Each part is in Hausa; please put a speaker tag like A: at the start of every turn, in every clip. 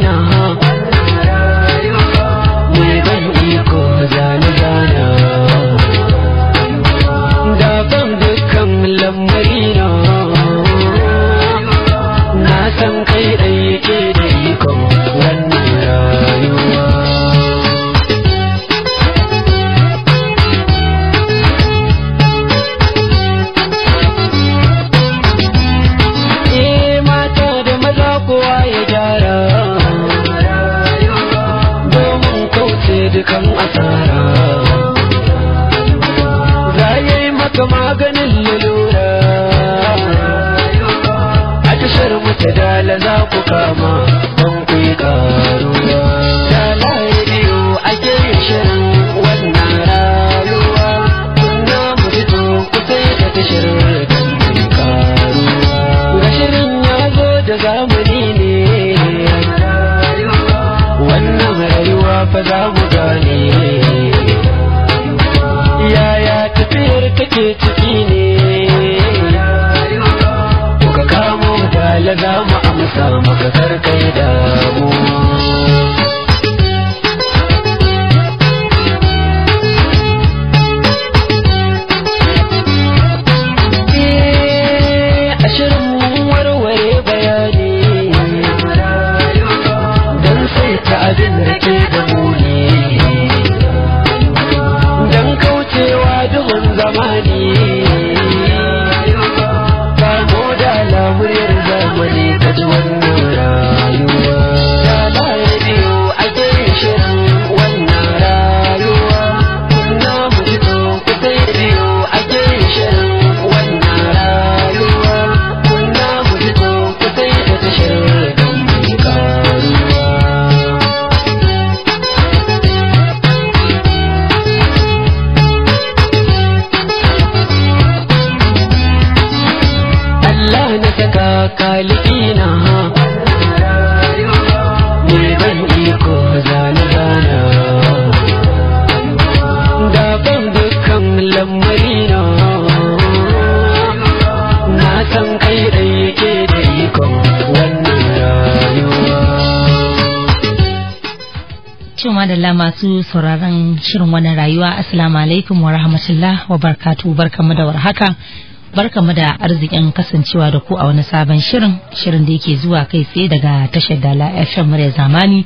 A: na.
B: masu sauraron shirin wannan rayuwa assalamu alaikum wa rahmatullah wa barkatu barkamu da warhaka barkamu da arzikin kasancewa da ku a wani sabon shirin shirin da yake zuwa kai tsaye daga tashar dala fm murya zamani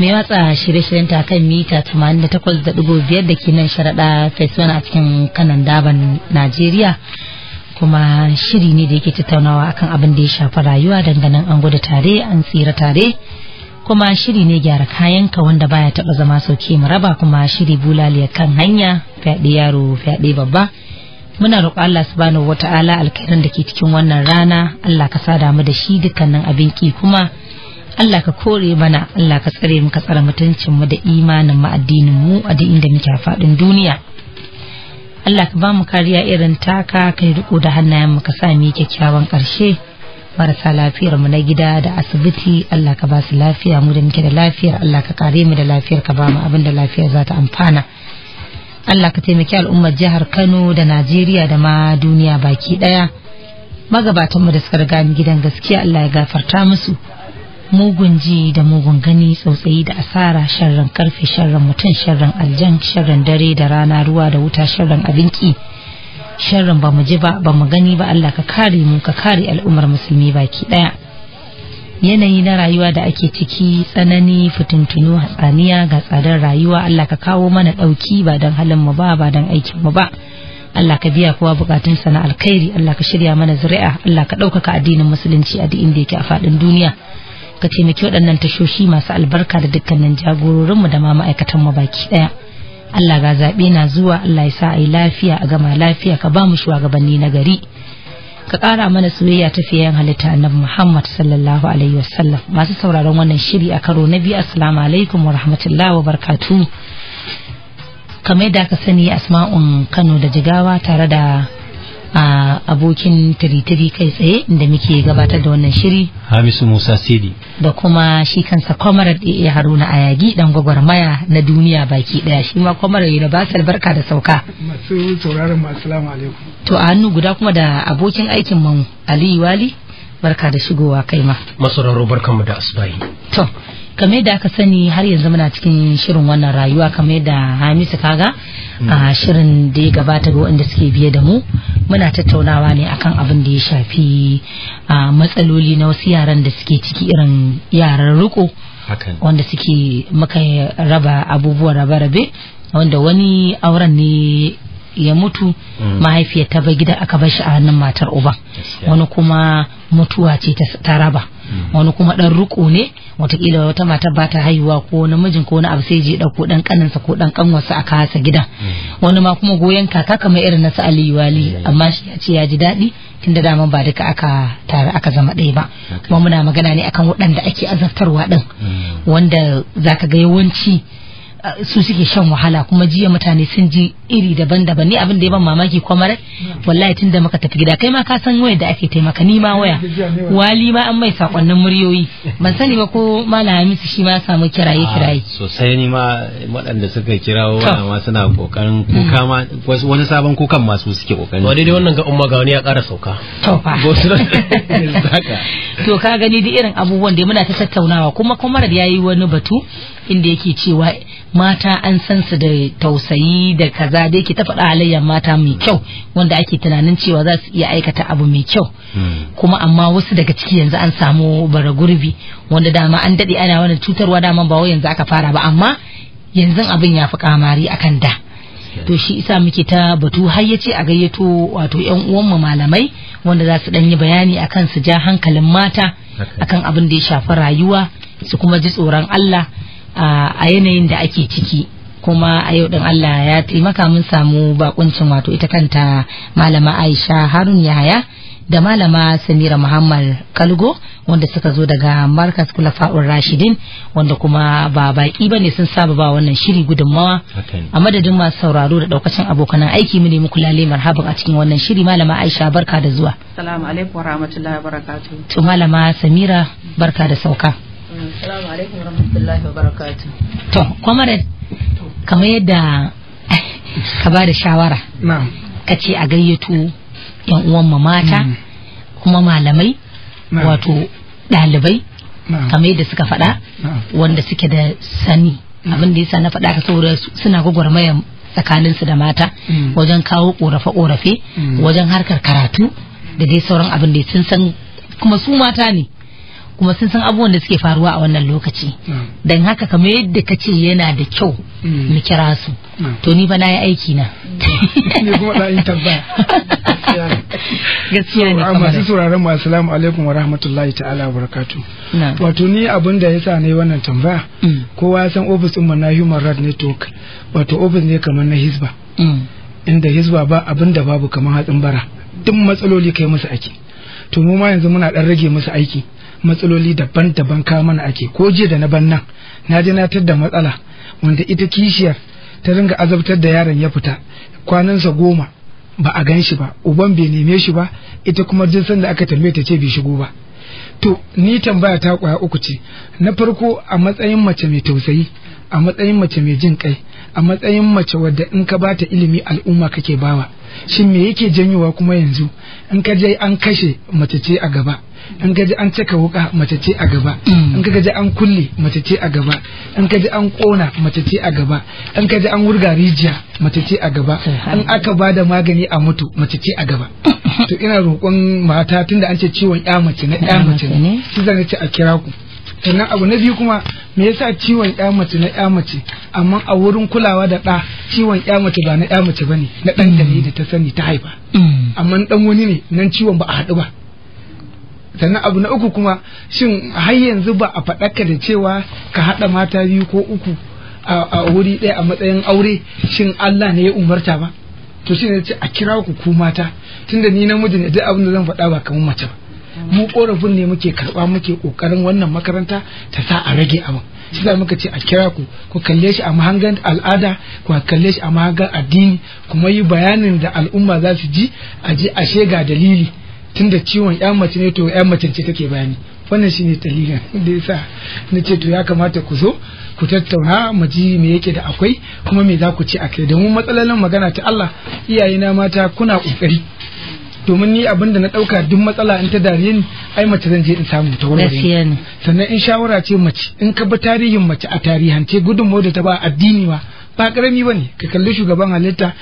B: mai watsa shirye-shiryen ta kan mita 88.5 da ke nan sharaɗa fesbon a cikin kanan daban najeriya kuma shiri ne da yake tattaunawa akan abin da ya shafa rayuwa dangane an gudu tare an tsira tare kuma shiri ne gyara kayanka wanda baya taba zama sauke mu raba kuma shiri bulaliya kan hanya fyaɗe yaro fyaɗe babba muna roƙo Allah subhanahu wata'ala alkhairin da ke cikin wannan rana Allah ka sada mu da shi dukkanin abin ki kuma Allah ka kore mana Allah ka tsare mu ka tsare mutuncin mu da imanin mu addinin mu a duk inda muke a duniya Allah ka ba mu kariya irin taka kai riko da hannayen mu ka sa mu kyakkyawan ƙarshe marasa lafiyar mu na gida da asibiti Allah ka ba su lafiya mu da muke da lafiyar Allah ka kare mu da lafiyar ka ba mu abin da lafiyar za ta amfana Allah ka taimaki al'ummar jihar Kano da Najeriya da ma duniya baki daya magabatanmu da suka riga ni gidan gaskiya Allah ya gafarta musu mugun ji da mugun gani tsautsayi da asara sharran karfe sharran mutum sharran aljan sharran dare da rana ruwa da wuta sharran abinki sharrin ba mu ji ba ba mu gani ba Allah ka kare mu ka kare al'ummar musulmi baki daya yanayi na rayuwa da ake ciki tsanani fitintunu hatsaniya ga tsadar rayuwa Allah ka kawo mana ɗauki ba don halin mu ba ba don aikin mu ba Allah ka biya kowa bukatun na alkhairi Allah ka shirya mana zuri'a Allah ka ɗaukaka addinin musulunci a duk inda yake a fadin duniya ka taimaki waɗannan tashoshi masu albarka da dukkanin jagororinmu da ma ma'aikatanmu baki ɗaya. Allah ga zaɓe na zuwa Allah ya sa a yi lafiya a gama lafiya ka ba mu shugabanni na gari ka ƙara mana soyayya ta fiyayen halitta annabi Muhammad sallallahu alaihi wasallam masu sauraron wannan shiri a karo na biyu assalamu alaikum wa rahmatullahi wa barkatu. kamar yadda ka sani asma'un Kano da Jigawa tare da a abokin tiritiri kai tsaye da muke gabatar da wannan shiri
C: hamisu musa sidi
B: da kuma shi kansa kwamarar da haruna ayagi dan gwagwarmaya na duniya baki daya shi ma kwamarar universal barka da sauka
D: masu sauraron mu alaikum
B: to a hannu guda kuma da abokin aikin mu aliyu wali barka da shigowa kai ma
D: masauraro barkanmu da asibayi.
B: to kamar da aka sani har yanzu muna cikin shirin wannan rayuwa kamar da hamisu kaga mm. a shirin da ya gabata ga waɗanda suke biye da mu muna tattaunawa ne akan abin da ya shafi matsaloli na wasu yaran da suke ciki irin yaran riko wanda suke muka raba abubuwan rabe-rabe wanda wani auren ne ya mutu
E: mm. mahaifiyar
B: ta bai gida aka bar shi a hannun matar uban wani kuma mutuwa ce ta raba mm. wani kuma dan riko ne watakila wata mata ba ta haihuwa ko namijin ko na abu sai je dauko dan kaninsa ko dan kanwarsa a kasa gidan mm. wani ma kuma goyon kaka kamar irin na su Aliyu Wali amma shi ya ce ya ji daɗi tunda daman ba duka aka tare aka zama ɗaya ba kuma muna magana ne akan waɗanda ake azabtarwa din wanda zaka ga yawanci su suke shan wahala kuma jiya mutane sun ji iri daban-daban ni abin da ya ban mamaki kwamarai wallahi tunda muka tafi gida kai ma ka san waya da ake taimaka ni ma waya wali ma an mai sakonnin muryoyi ban sani ba ko malam Hamisu shi ma samu kiraye kiraye ah,
C: sosai ni ma waɗanda suka kirawo wannan ma suna kokarin kuka ma wani sabon kukan masu suke kokarin wani dai wannan ga umma ga wani ya ƙara sauka
A: to fa
B: to ka gani duk irin abubuwan da muna ta tattaunawa kuma kwamarar yayi wani batu inda yake cewa mata an san su da tausayi da kaza yara da yake ta faɗa halayya mata mai kyau wanda ake tunanin cewa za su iya aikata abu mai kyau hmm. kuma amma wasu daga ciki yanzu an samu bara gurbi wanda dama an daɗe ana wani cutarwa dama ba wai yanzu aka fara ba amma yanzu abin ya fi kamari akan da to shi isa muke ta batu har ce a gayyato wato yan uwanmu malamai wanda za su dan yi bayani akan su ja hankalin mata akan abin da ya shafi rayuwa su kuma ji tsoron Allah a yanayin da ake ciki kuma a yau ɗin Allah ya taimaka mun samu bakuncin wato ita kanta malama Aisha Harun Yahaya da malama Samira Muhammad Kalgo wanda suka zo daga Markas Kulafa'ur Rashidin wanda kuma ba baki bane sun saba ba wannan shiri gudunmawa a madadin masu sauraro da daukacin abokan aiki mu ne muku lalle marhaban a cikin wannan shiri malama Aisha barka da zuwa
F: Assalamu alaikum wa rahmatullahi wa barakatuh
B: to malama Samira barka da sauka
F: Assalamu alaikum wa rahmatullahi wa barakatuh
B: to kwamare kamar yadda ka ba da shawara ka ce a gayyato yan uwan mata mm. kuma malamai wato ɗalibai kamar yadda suka faɗa wanda suke da sani abin da yasa na faɗa ka saboda suna gwagwarmayar tsakaninsu da mata mm. wajen kawo ƙorafe-ƙorafe mm. wajen harkar karatu da dai sauran abin da sun san kuma su mata ne kuma sun san abubuwan da suke faruwa a wannan lokaci hmm. don haka kamar yadda ka ce yana da kyau hmm. mu kira su hmm. to ni ba na yi aiki na
D: gaskiya ne kamar masu sauraron mu assalamu alaikum wa rahmatullahi ta'ala wa barakatu wato ni abin da yasa ne wannan tambaya kowa ya san office din na human rights network wato office ne kamar na hisba inda hisba ba abin da babu kamar hatsin bara duk matsaloli kai musu aiki. to mu ma yanzu muna dan rage musu aiki matsaloli daban-daban ka mana ake ko jiya da na ban nan na ji na da matsala wanda ita kishiyar ta ringa azabtar da yaron ya fita kwanansa goma ba a gan shi ba uban bai neme shi ba ita kuma duk sanda aka tambaye ta ce bai shigo ba to ni tambaya ta kwaya uku ce na farko a matsayin mace mai tausayi a matsayin mace mai jin kai a matsayin mace wadda in ka bata ilimi al'umma kake bawa shin me yake janyowa kuma yanzu in ka je an kashe mace ce a gaba An ka an caka wuka mace ce a gaba in ka an kulle mace ce a gaba An ka ji an kona mace ce a gaba in ka an wurga rijiya mace ce a gaba in aka ba da magani a mutu mace ce a gaba to ina roƙon mata tunda an ce ciwon ya mace na ya mace ne shi zan ce a kira ku sannan abu na biyu kuma me yasa ciwon ya mace na ya mace amma a wurin kulawa da ɗa ciwon ya mace ba na ya mace bane na ɗan da ta sani ta haifa mm. amma dan wani ne nan ciwon ba a haɗu ba sannan abu na uku kuma shin har yanzu ba a faɗaka da cewa ka haɗa mata biyu ko uku a wuri ɗaya a matsayin aure shin Allah ne ya umarta ba to shi ne ce a kira ku ku mata tunda ni namiji ne duk abin da zan faɗa ba kamar mace ba mu korafin ne muke karɓa muke ƙoƙarin wannan makaranta ta sa a rage abin shi za muka ce a kira ku ku kalle shi a mahangan al'ada ku kalle shi a mahangan addini kuma yi bayanin da al'umma za su ji a je a shega dalili tunda ciwon yan mace ne to yan mace ce take bayani wannan shine dalilin da yasa na ce to ya kamata ku zo ku tattauna mu ji me yake da akwai kuma me za ku ce akai domin matsalolin magana ta Allah iyaye na mata kuna kokari domin ni abinda na dauka duk matsala in ta dare ni ai mace zan je in samu ta warware ni sannan in shawara ce mace in ka bi tarihin mace a tarihance gudunmawar da ta ba addini ba ba karami bane ka kalli shugaban halitta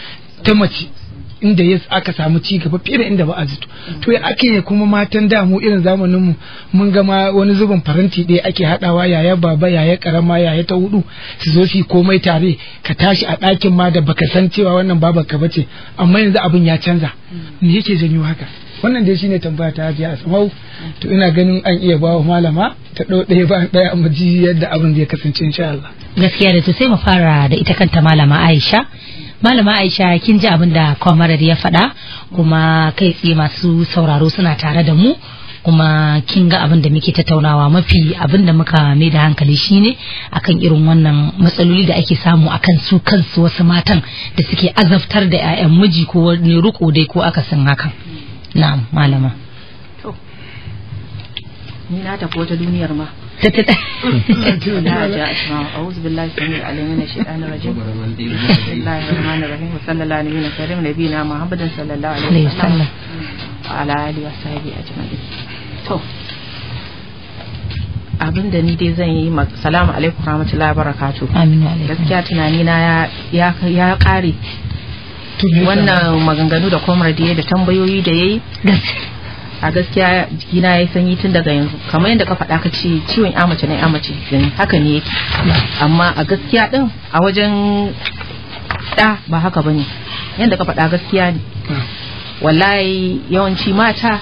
D: ta mace inda ya aka samu ci gaba fiye inda ba a zito to ya ake kuma matan da mu irin zamanin mu mun ga ma wani zubin faranti ɗaya ake haɗawa yaya baba yaya karama yaya ta hudu su zo su komai tare ka tashi a ɗakin ma da baka san cewa wannan baban ka bace amma yanzu abin ya canza mm. me yake janyo haka wannan dai shine tambaya ta hajiya asmau to ina ganin an iya ba wa malama ta ɗau ɗaya ba ɗaya mu ji yadda abin zai kasance insha Allah
B: gaskiya da to sai mu fara da ita kanta malama Aisha malama aisha kin ji abin da kwamarar ya faɗa kuma kai tsaye masu sauraro suna tare da mu kuma kin ga abin da muke tattaunawa mafi abin da muka mai da hankali shine akan irin wannan matsaloli da ake samu akan su kansu wasu matan da suke azabtar da 'ya'yan miji ko wani ruko dai ko akasin hakan na malama
F: ni na tafi wata duniyar ma ta abin da ni dai zan yi salamu alaikum rahmatullahi barakatu amin alaikum gaskiya tunani na ya ya kare wannan maganganu da komradiye da tambayoyi da yayi gaskiya a gaskiya jikina ya sanyi tun daga yanzu kamar yadda ka faɗa ka ce ciwon ya mace na ya mace haka ne yake amma a gaskiya din a wajen ɗa ba haka bane yadda ka faɗa gaskiya ne wallahi yawanci mata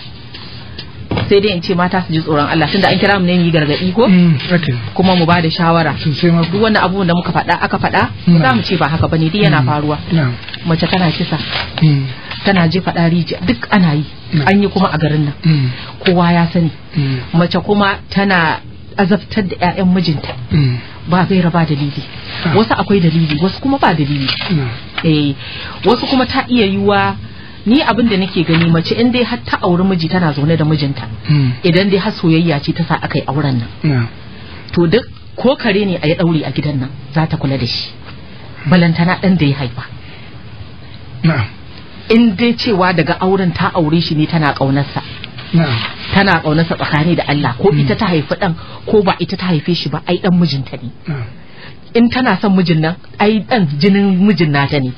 F: sai dai in ce mata su ji tsoron Allah tunda an kira mu ne mu yi gargadi ko mm, kuma mu bada shawara duk wannan abubuwan da muka faɗa aka faɗa mm. za mu ce ba haka bane duk yana mm. faruwa mace tana kisa tana jefa ɗari duk ana yi Mm. an yi kuma a garin nan mm. kowa ya sani mm. mace kuma tana azabtar da 'ya'yan mijinta ba gaira ba dalili ah. wasu akwai dalili wasu kuma ba dalili eh, wasu kuma ta iya yiwa ni abin da nake gani mace in dai har ta auri miji tana zaune da mijinta idan dai har soyayya ce ta sa akai auren nan to duk ko kare ne a yi daure a gidan nan za ta kula da shi balantana dan da ya haifa na'am in dai cewa daga auren ta aure shi ne tana ƙaunarsa tana ƙaunarsa tsakani da Allah ko ita mm. ta haifi ɗan ko ba ita ta haife shi ba ai ɗan mijinta ne in tana son mijin nan ai ɗan jinin mijin nata ne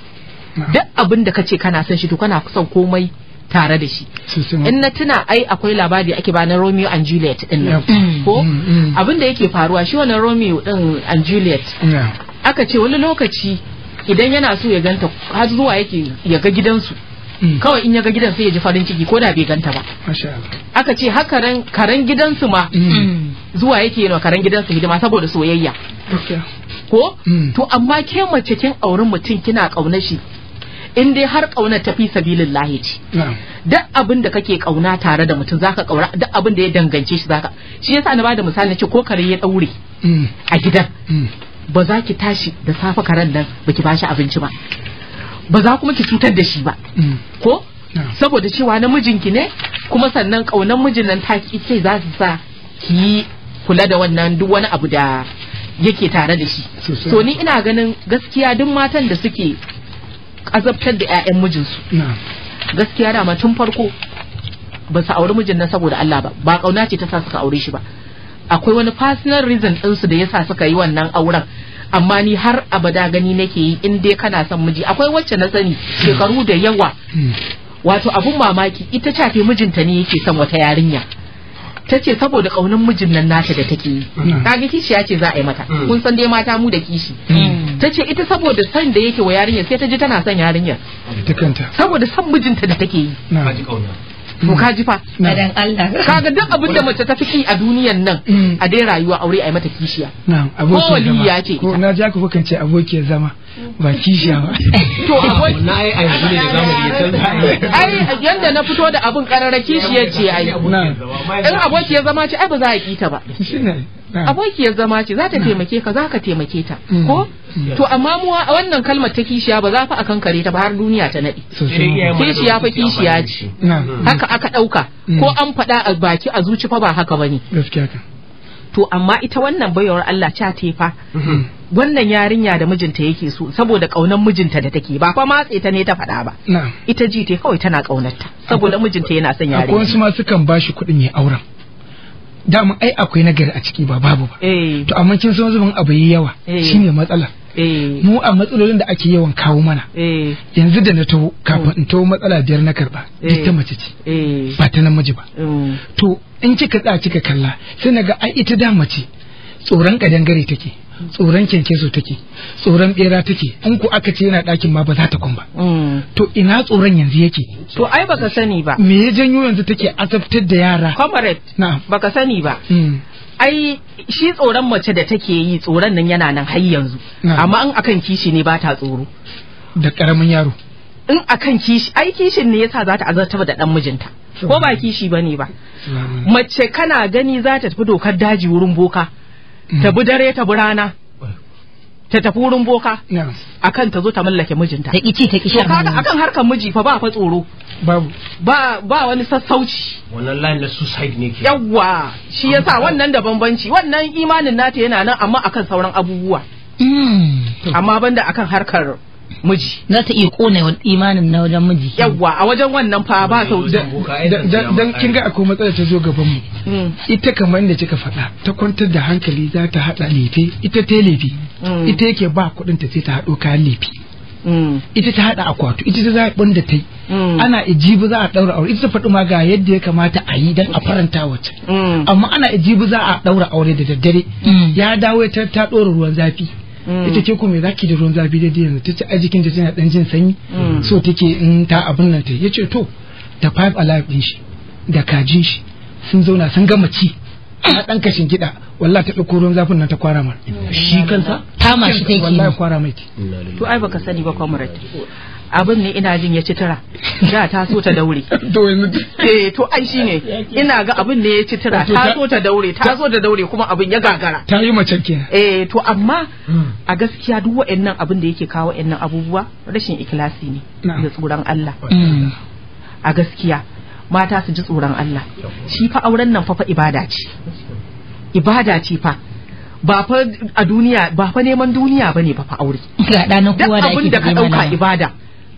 F: duk abin da kace kana son shi to kana son komai tare da shi in na tuna ai akwai labari ake ba na Romeo and Juliet din nan mm. ko mm, abin da yake faruwa shi wannan Romeo din and Juliet aka ce wani lokaci idan yana so ya ganta har zuwa yake ya ga gidansu mm. kawai in ya ga gidansu ya ji farin ciki ko da bai ganta ba aka ce haka karan gidansu ma mm. Mm, zuwa yake yana karen gidansu hidima saboda soyayya ko to amma ke mace kin auren mutum kina kauna shi in dai har kauna ta fi sabilin lahi ce duk abin da kake kauna tare da mutum zaka kaura duk abin da ya dangance shi zaka shi yasa na bada misali na ce ko kare ya daure a gidan ba za ki tashi da safe karen nan ba ki bashi abinci ba ba za kuma ki cutar da shi ba mm. ko saboda cewa namijinki ne kuma sannan kaunan mijin nan ta ce za su sa ki kula da wannan duk wani abu da yake tare da shi so ni ina ganin gaskiya duk matan da suke azabtar da 'ya'yan mijinsu gaskiya dama tun farko ba su auri mijin nan saboda Allah ba ba kauna ce ta sa suka aure shi ba akwai wani personal reason ɗinsu da yasa suka yi wannan auren amma ni har abada gani nake yi in dai kana son miji akwai wacce na sani shekaru da yawa wato abun mamaki ita ce ta mijinta ne yake son wata yarinya ta ce saboda kaunin mijin nan nata da take yi kaga mm. kishi ya ce za a yi mata mm. kun san dai mata mu da kishi mm. ta ce ita saboda son da yake wa yarinya sai ta ji tana son yarinya saboda son mijinta da take yi ji to hmm. ka ji fa dan Allah kaga duk abin da mace ta fi a duniyar nan hmm. a dai rayuwa aure ai mata kishiya
D: zama. ko waliya ce Ko na ja ku kukan ce abokin zama ba kishiya ba
F: to abokin na ai ai ne zamani ya canza ai yanda na fito da abin kararra kishiya ce ai in abokin zama ce ai ba za a kita ba abokiyar zama ce za ta taimake ka za ka taimake ta ko mm. Mm. to amma mu a wannan kalmar ta kishiya ba za fa akan kare ta ba har duniya ta nade kishiya fa kishiya ce
E: mm. haka
F: aka dauka ko an faɗa a baki a zuci fa ba haka bane gaskiya to amma ita wannan bayawar Allah ta fa. Mm-hmm. wannan yarinya da mijinta yake so saboda kaunar mijinta da take ba fa matse ta ne ta faɗa ba ita ji te kawai tana kaunarta saboda mijinta yana son yarinya akwai wasu ma
D: sukan bashi kuɗin ya auren dama ai akwai nagari a ciki ba babu ba eh. to amma kin san zubin abu yi yawa eh. shine matsalar. Eh. mu a matsalolin da ake yawan kawo mana yanzu da na taho kafin in mm. taho matsala biyar na karba duk ta mace ce ba ta namiji ba mm. to in kika tsaya kika kalla sai naga ai ita da mace tsoron kadangare take tsoron kyankyaso take tsoron bera take in ku aka ce yana ɗakin ma ba za ta kun ba mm. to ina tsoron yanzu yake to ai baka sani ba me ya janyo yanzu take
F: azabtar da yara comrade na baka sani ba mm. ai shi tsoron mace da take yi tsoron nan yana nan har yanzu amma in akan kishi ne ba ta tsoro da karamin yaro in akan kishi ai kishin ne yasa za ta azartar da dan mijinta ko ba kishi bane ba mace kana gani za ta tafi dokar daji wurin boka ta mm. bi dare ta bi rana ta tafi wurin boka akan ta zo ta mallake mijinta ta kici ta kishi kaga akan harkar miji fa ba fa tsoro babu ba ba wani sassauci
G: wannan line na suicide ne
F: ke yawa shi yasa wannan da bambanci wannan imanin nata yana nan amma akan sauran abubuwa
E: mm.
F: amma banda akan harkar miji za ta iya kone imanin na wajen miji yawwa a wajen wannan fa ba
D: sau dan kin ga akwai matsala ta zo gaban mu hmm. ita kamar da kika faɗa ta kwantar da hankali za ta haɗa lefe ita ta lefe hmm. ita yake ba kuɗin ta sai ta haɗo kayan lefe hmm. ita ta haɗa akwatu ita ta zaɓin da ta yi ana ijibu za a ɗaura aure ita ta faɗi ma ga yadda ya kamata a yi dan a faranta wacce amma ana ijibu za a ɗaura aure da daddare ya dawo ta ɗora ruwan zafi Mm. ita ke ko me zaki da ruwan zafi dai yanzu tace a jikin ta tana dan jin sanyi mm. so take in ta abin nan ta yace to da five alive din shi da kajin shi sun zauna sun gama ci a dan kashin gida wallahi ta dauko ruwan zafin nan ta kwara mar
F: shi kansa ta mashi take wallahi kwara mai to ai baka sani ba comrade abin ne ina jin ya ci tura da ta so ta daure eh to ai shine ina ga abin ne ya ci tura ta so ta daure ta so ta daure kuma abin ya gagara ta yi mace kenan eh to amma hmm. a gaskiya duk wa'annan abin da yake kawo wa'annan abubuwa rashin ikilasi ne da tsoron Allah hmm. a gaskiya mata su ji tsoron Allah shi fa auren nan fa fa ibada ce ibada ce fa ba fa a duniya ba fa neman duniya bane ba fa aure ga ɗanan kowa da ake abin da ka dauka ibada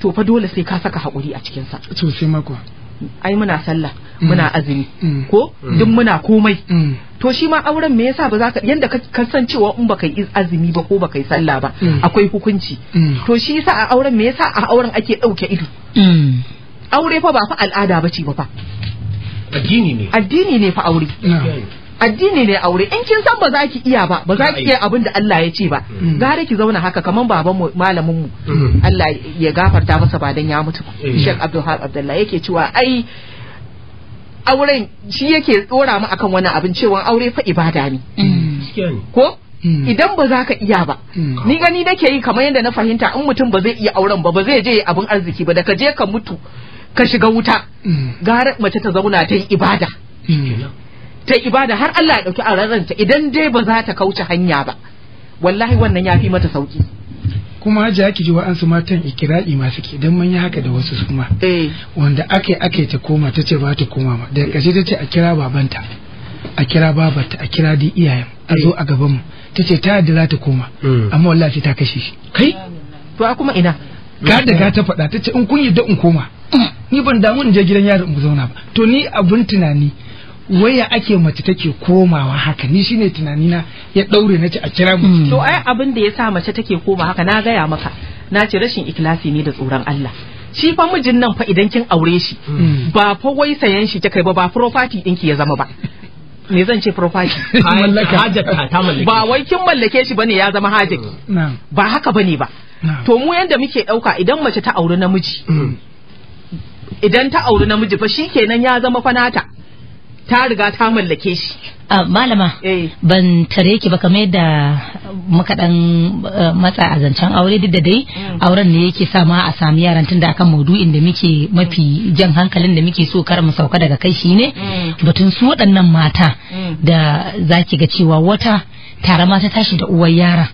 F: to fa dole sai ka saka hakuri a cikinsa sosai mako ai muna sallah mm. muna azumi mm. ko mm. duk muna komai to shi ma auren me yasa ba za ka yanda ka san cewa in baka yi azumi ba ko baka yi sallah ba akwai hukunci to shi yasa a auren me yasa a auren ake dauke ido aure fa ba fa al'ada bace ba fa addini ne addini ne fa aure addini ne aure in kin san ba za ki iya ba ba za ki iya abin da Allah ya ce ba mm. gara ki zauna haka kaman baban mu malamin mu mm. Allah ya gafarta masa ba dan ya mutu mm. Sheikh Abdul Abdullahi yake cewa ai auren shi yake tsora mu akan wani abin cewa aure fa ibada ne ko idan ba za ka iya ba ni gani nake yi kamar yadda na fahimta in mutum ba zai iya auren ba ba zai je abin arziki ba da ka je ka mutu ka shiga wuta gara mace ta zauna ta yi ibada ta ibada har Allah ya dauki araranta idan dai ba za ta kauce hanya ba wallahi wannan ya fi mata sauki
D: kuma ji ki ji wa'ansu matan ikira'i masu ke dan manya haka da wasu su kuma eh. wanda aka aka ta koma ta ce ba ta koma ma daga ƙarshe ta ce a kira babanta a kira babarta a kira di iyayen a zo a gabanmu ta ce ta yadda za ta koma hmm. amma wallahi ta kashe shi kai to a kuma ina ga da ga ta faɗa ta ce in kun yadda in koma ni ban damu in je gidan yaron in zauna ba to ni abun
F: tunani waya ake mace take komawa haka ni shine tunanina ya daure nace a kira mu to ai abin da yasa mace take koma haka na gaya maka na ce rashin ikilasi ne da tsoron Allah shi fa mijin nan fa idan kin aure shi hmm. ba fa wai sayan shi kai ba ba property dinki ya zama ba me zan ce property ba wai kin mallake shi bane ya zama hajjaki hmm. ba haka bane ba to mu yanda muke dauka idan mace ta aure namiji hmm. idan ta aure namiji fa shikenan ya zama fanata ta riga ta mallake shi ah, malama eh. ban tare ki ba kame da
B: eh, muka dan eh, matsa a zancen aure duk da dai mm. auren ne yake sa ma a sami yaran tunda akan maudu'in da muke mafi jan hankalin da muke so kar mu sauka daga kai shine ne mm. batun su waɗannan mata mm. da da zaki ga cewa wata tare mata tashi da uwar yara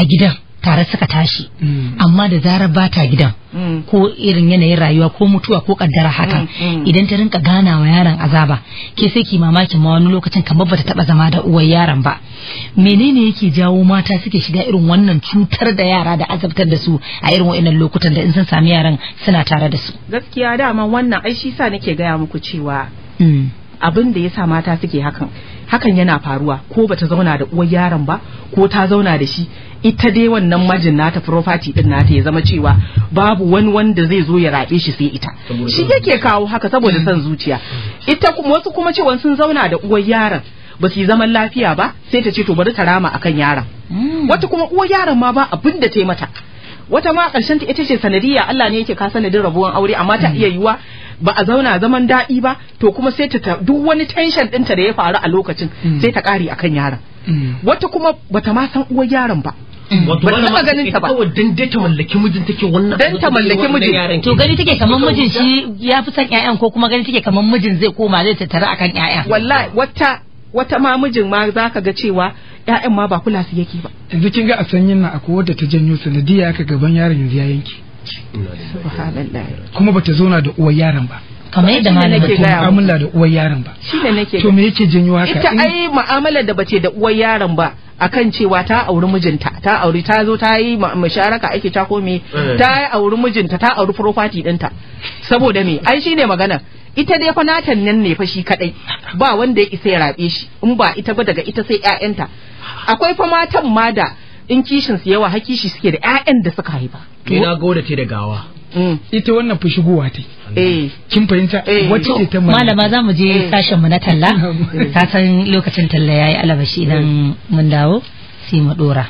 B: a gidan tare suka tashi mm. amma da zarar ba ta gidan mm. ko irin yanayin rayuwa ko mutuwa ko kaddara haka mm, idan ta rinka wa yaran azaba ke sai ki mamakin ma wani lokacin kamar bata taba zama da uwar yaran ba menene yake jawo mata suke shiga irin wannan cutar da yara da azabtar da su a irin wa'inan lokutan da in sun sami yaran suna tare da su
F: gaskiya dama wannan ai shi sa nake gaya muku cewa abin da yasa mata suke hakan hakan yana faruwa ko bata zauna da uwar yaran ba ko ta zauna da shi ita dai wannan majin nata property din nata ya zama cewa babu wani wanda zai zo ya rabe shi sai ita shi yake kawo haka saboda son mm. zuciya ita kuma wasu kuma cewa sun zauna da uwar yaron ba su yi zaman lafiya ba sai ta ce to bari ta rama akan yaron mm. wata kuma uwar yaron ma ba abin da ta yi mata wata ma karshen ta ita ce sanadiyya Allah ne yake ka sanadin rabuwan aure amma ta mm. iya yiwa ba a zauna zaman daɗi ba to kuma sai ta duk wani tension ɗinta da ya faru a lokacin sai ta kare akan yaron wata kuma bata ma san uwar yaron ba Mm. wato ba taba ganin ta ba kawai dan dai ta mallaki mijin take wannan
E: dan ta mallaki mijin to gani take
F: kaman mijin shi ya fi son ƴaƴan ko kuma gani take kaman mijin zai koma zai tattara akan ƴaƴan wallahi wata wata ma mijin ma zaka ga cewa ƴaƴan ma ba kula su yake ba
D: yanzu kin ga a sanyin nan akwai wadda ta janyo sanadiya aka gaban yaron yanzu ya yanke kuma bata zauna da uwar yaron ba kamar yadda malam ke gaya mu'amala da uwar yaron ba
F: shi ne nake to
D: me yake janyo
F: haka ita ai mu'amala da bace da uwar yaron ba akan cewa ta auri mijinta ta auri ta zo ta yi musharaka ake ta kome eh. ta auri mijinta ta auri property dinta saboda me ai shine magana ita dai fa natan nan ne fa shi kadai ba wanda ya isa ya rabe shi in ba ita ba daga ita sai ƴaƴanta akwai fa matan ma da in kishin su yawa hakishi suke da ƴaƴan da suka haifa ina gode te da gawa Mm. ita wannan fi shigowa ta eh. kin fahimta eh. wacce ce ta malama
D: za mu je eh. sashen mu na talla
B: ta san lokacin talla yayi alabashi idan mun dawo sai mu dora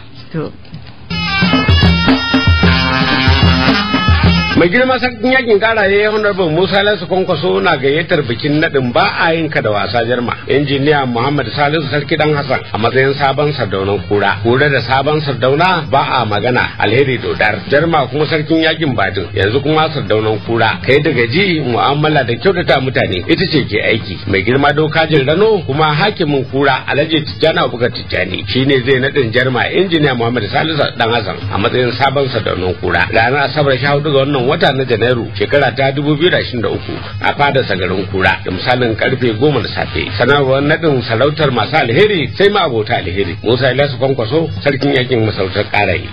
C: mai girma sarkin yakin kara ya yi honorable musa lasu kwankwaso na gayyatar bikin nadin ba a yin ka da wasa jarma injiniya muhammad salisu sarki dan hassan a matsayin sabon sardaunan kura kura da sabon sardauna ba a magana alheri dodar jarma kuma sarkin yakin badin yanzu kuma sardaunan kura kai daga ji mu'amala da kyautata mutane ita ce ke aiki mai girma dokajin rano kuma hakimin kura alhaji tijjani abubakar tijjani shine zai nadin jarma injiniya muhammad salisu dan hassan a matsayin sabon sardaunan kura ranar asabar sha hudu ga wannan wata na janairu shekara ta 2023 a fadar sagarin kura da misalin karfe goma da safe sanarwar nadin sarautar masu alheri sai ma abota alheri musa ilasu kwankwaso sarkin yakin masarautar karayi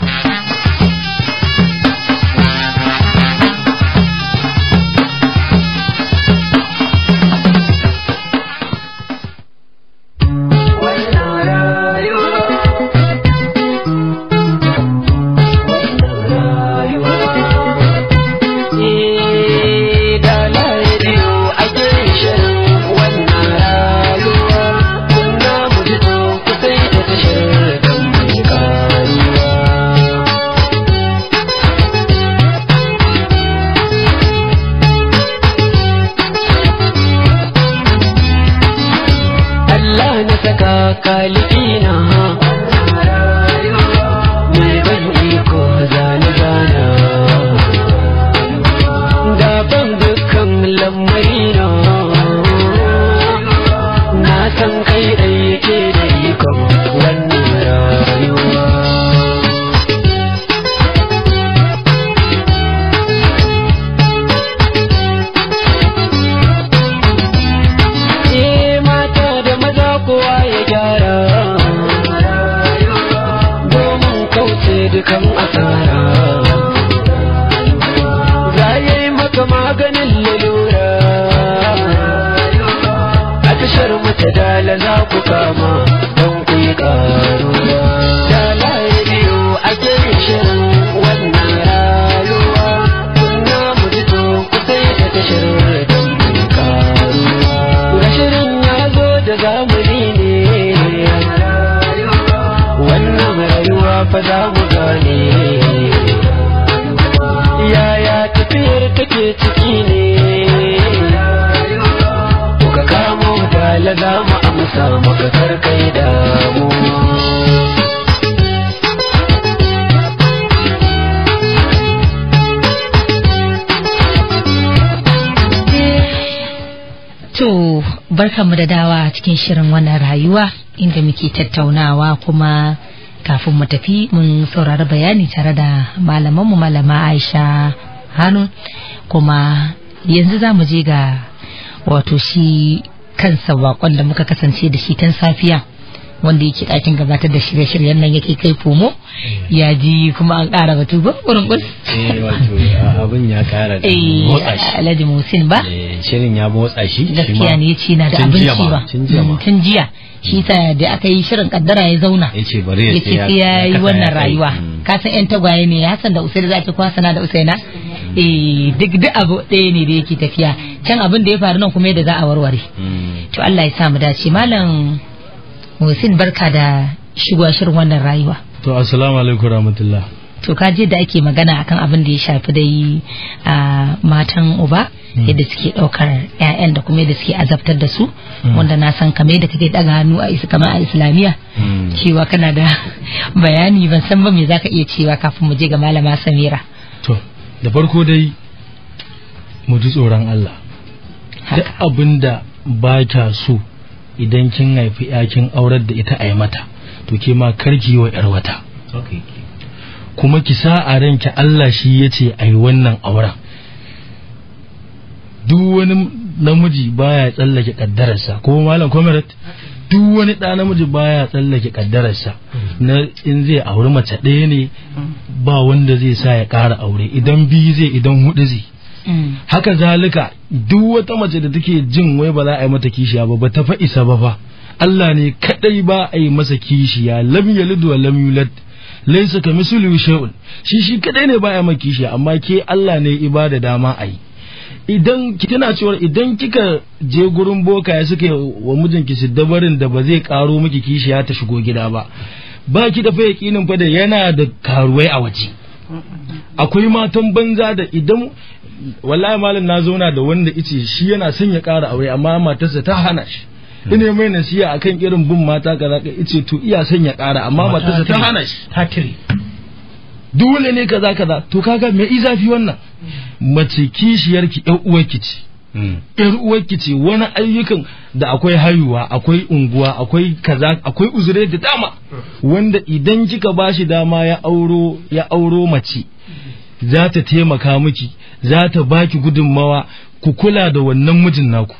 A: ala za mu amsa maka karkai damu
E: To,
B: mu da dawa cikin shirin wannan rayuwa inda muke tattaunawa kuma kafin mu tafi mun saurari bayani tare da malamanmu malama Aisha hannu kuma yanzu za mu je ga wato shi kansa bakon da muka kasance da shi tun safiya wanda yake ɗakin gabatar da shirye-shiryen nan yake kai komo eh. ya ji kuma an ƙara batu ba wurin kus
E: eh,
C: abin ya ƙara eh, motsa shi
B: alhaji musin ba
C: shirin ya motsa shi gaskiya ne
B: ci na da abinci ba tun jiya mm, shi ta da aka yi shirin kaddara ya zauna
C: yace bari ya ce ya yi wannan rayuwa mm.
B: ka san yan tagwaye ne ya san da usaini za ta kwasana da usaina Eh, duk duk abu ɗaya ne da yake tafiya can abin da ya faru nan kuma yadda za a warware hmm. to Allah ya sa mu dace malam Musin barka da shigo shirin wannan rayuwa
G: to assalamu alaikum rahmatullah
B: to ka je da ake magana akan abin da ya shafi dai a matan uba hmm. yadda suke daukar ƴaƴan da kuma yadda suke azabtar da su hmm. wanda na san kamar yadda kake daga hannu a kamar a islamiyya cewa kana da bayani ban san ba me zaka iya cewa kafin mu je ga malama samira
G: to da farko dai mu ji tsoron Allah duk abin da ba kya so idan kin haifi ya kin aurar da ita a mata to ke ma karki wa yar wata kuma ki sa a ranki Allah shi ya ce a yi wannan auren duk wani namiji baya tsallake kaddararsa ko malam comrade duk wani ɗa namiji baya tsallake ƙaddararsa na in zai auri mace ɗaya ne ba wanda zai sa ya ƙara aure idan biyu zai idan hudu zai mm. haka zalika duk wata mace da take jin wai ba za a yi mata kishiya ba ba ta fa isa ba fa Allah ne kadai ba a yi masa kishiya lam yalidu wa lam yulad laysa kamithlihi shay'un shi shi kadai ne ba a yi masa kishiya amma ke Allah ne ibada dama a yi idan kina cewa idan kika je gurin boka ya suke wa mijinki siddabarin da ba zai karo miki kishiya ta shigo gida ba ba ki da fa nan fa da yana da karuwai a waje akwai matan banza da idan wallahi malam na zauna da wanda ice shi yana son ya kara aure amma matarsa ta hana shi ina mai nasiya akan irin bin mata kaza ka ice to iya son ya kara amma matarsa ta hana shi ta kire dole ne kaza kaza to kaga me izafi wannan mace kishiyarki yan uwarki ce hmm. yar uwarki ce wani ayyukan da akwai hayuwa akwai unguwa akwai kaza akwai uzure da dama wanda idan kika bashi dama ya auro ya auro mace za ta taimaka miki za ta baki gudunmawa ku kula da wannan mijin naku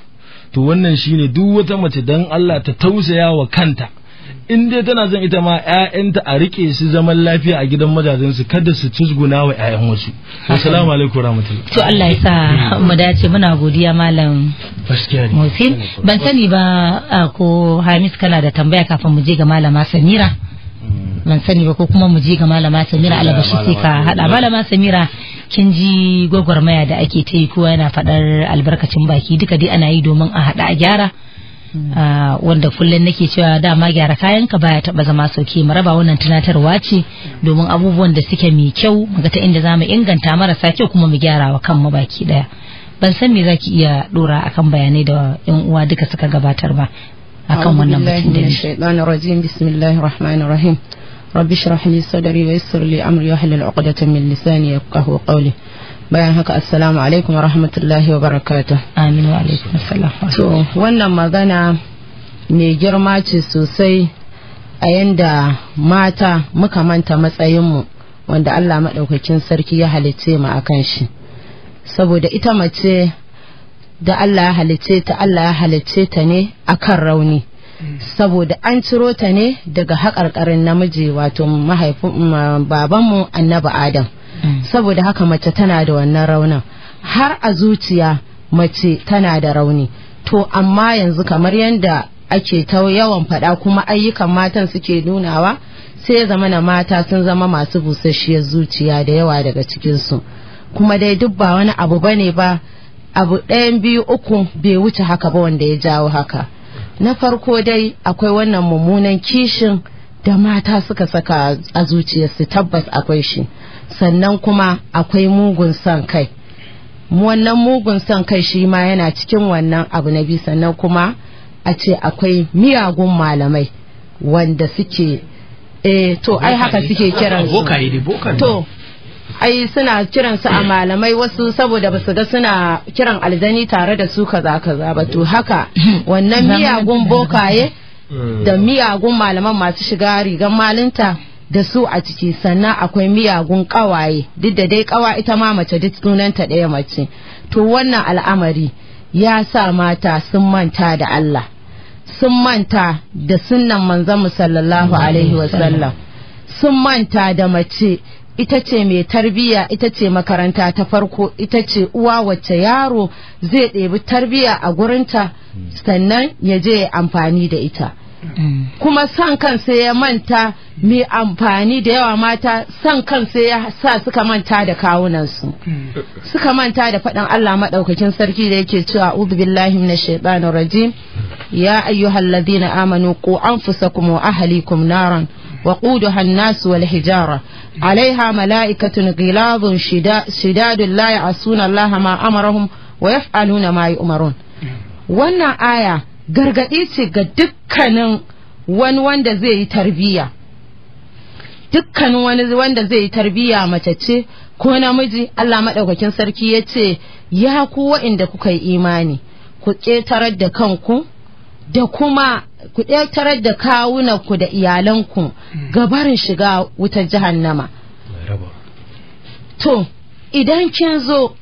G: to wannan shine duk wata mace dan Allah ta tausaya wa kanta in dai tana zan ita ma ƴaƴanta a rike su zaman lafiya a gidan mazajen su kada su cizguna wa ƴaƴan wasu assalamu alaikum rahmatullahi
B: to Allah ya sa mu dace muna godiya malam Musin ban sani ba ko Hamis kana da tambaya kafin mu je ga malama Samira hmm. ban sani ba ko kuma mu je ga malama Samira Alabashi sai ka hada malama Samira kin ji gwagwarmaya da ake ta yi kowa yana faɗar albarkacin baki duka dai ana yi domin a haɗa a gyara Ah, wanda kullum nake cewa dama gyara kayan ka baya taba zama sauki mu raba wannan tunatarwa ce domin abubuwan da suke mai kyau mu ga ta inda zamu inganta marasa kyau kuma mu gyara wa kanmu baki daya ban san me zaki iya dora akan bayanai da yan uwa duka suka gabatar ba akan wannan batun da shaytanir
H: rajim bismillahir rahmanir rahim rabbi shrah li sadri wa yassir li amri wa hlul 'uqdatan min lisani yafqahu qawli bayan haka assalamu alaikum wa rahmatullahi wa barakatu amin wa alaikum assalam to wannan magana ne girma ce sosai a yanda mata muka manta matsayinmu wanda Allah maɗaukakin sarki ya halice mu akan shi saboda ita mace da Allah ya halice ta Allah ya halice ta ne akan rauni saboda an ciro ta ne daga haƙarƙarin namiji wato mahaifin babanmu annabi Adam Mm. saboda haka mace tana da wannan raunin har a zuciya mace tana da rauni to amma yanzu kamar yadda ake ta yawan faɗa kuma ayyukan matan suke nunawa sai ya zama na mata sun zama masu busasshiyar zuciya da yawa daga cikinsu kuma dai duk ba wani abu ba ne ba abu ɗayan biyu uku bai wuce haka ba wanda ya jawo haka na farko dai akwai wannan mummunan kishin da mata suka saka a zuciyarsu tabbas akwai shi sannan kuma akwai mugun son kai wannan mugun son kai shi ma yana cikin wannan abu na biyu sannan kuma a ce akwai miyagun malamai wanda suke eh to ai haka suke kiran su to ai suna kiran su a malamai wasu saboda basu ga suna kiran aljani tare da su kaza kaza ba to haka hmm. wannan miyagun bokaye Mm. da miyagun malaman masu shiga rigar malinta da su a ciki sannan akwai miyagun kawaye duk da dai kawa ita ma mace duk sunanta ɗaya mace to wannan al'amari ya sa mata sun manta da Allah sun manta da sunnan manzon sallallahu mm. alaihi wasallam sun manta da mace ita ce mai tarbiya ita ce makaranta ta farko ita ce uwa wacce yaro zai ɗebi tarbiya a gurinta mm. sannan ya je amfani da ita kuma san sai ya manta mai amfani da yawa mata san sai ya sa suka manta da kawunansu suka manta da faɗin Allah maɗaukakin sarki da yake cewa udu billahi minash shaitanir rajim ya ayyuhalladhina amanu qu anfusakum wa ahlikum naran وقودها الناس والحجارة عليها ملائكة a sunan لا يعصون الله wa أمرهم na ما يؤمرون wannan aya gargaɗi ce ga dukkanin wani wanda zai yi tarbiyya dukkanin wani wanda zai yi tarbiyya mace ce ko namiji Allah maɗaukakin sarki ya ce ya ku wa'inda kuka yi imani ku ƙetarar da kanku da kuma ku ƙetarar da kawunanku da iyalanku hmm. ga barin shiga wutar jahannama to idan kin zo